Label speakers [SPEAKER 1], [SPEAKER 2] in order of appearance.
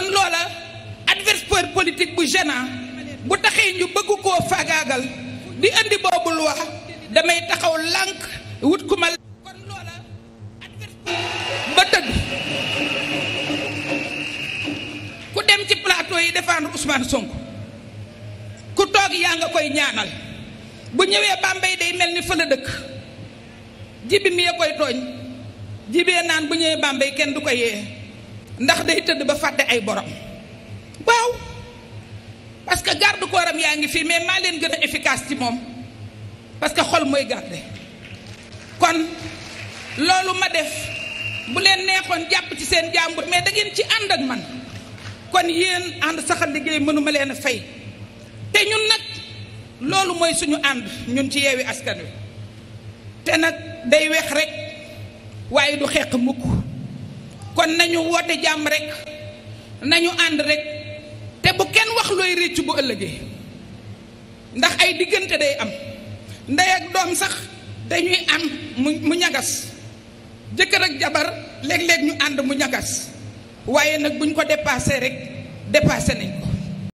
[SPEAKER 1] kon loola adversaire politique bu gênant bu taxee ñu bëgg koo faagaagal di andi boobul wax damay taxaw lànk wut ku ma kon ba tëdd ku dem ci plateau yi défendre Ousmane Sonko ku toog yaa nga koy ñaanal bu ñëwee Bambey day mel ni fa la dëkk jibi mi ya koy tooñ jibee naan bu ñëwee Bambey kenn du ko yee ndax day tëdd ba fàtte ay borom waaw parce que garde corps yaa ngi fii mais maa leen gën a efficace ci moom parce que xol mooy garde kon loolu ma def bu leen neexoon jàpp ci seen jàmbur mais da ngeen ci ànd ak man kon yéen ànd saxal liggéey mënuma leen a fay te ñun nag loolu mooy suñu ànd ñun ci yeewi askan wi te nag day weex rek waaye du xeex mukk kon nañu woote jàmm rek nañu ànd rek te bu kenn wax looy réccu bu ëllëgee ndax ay diggante day am ndey ak doom sax dañuy am mu mu ñagas jëkkër ak jabar léeg-léeg ñu ànd mu ñagas waaye nag buñ ko dépassé rek dépassé nañ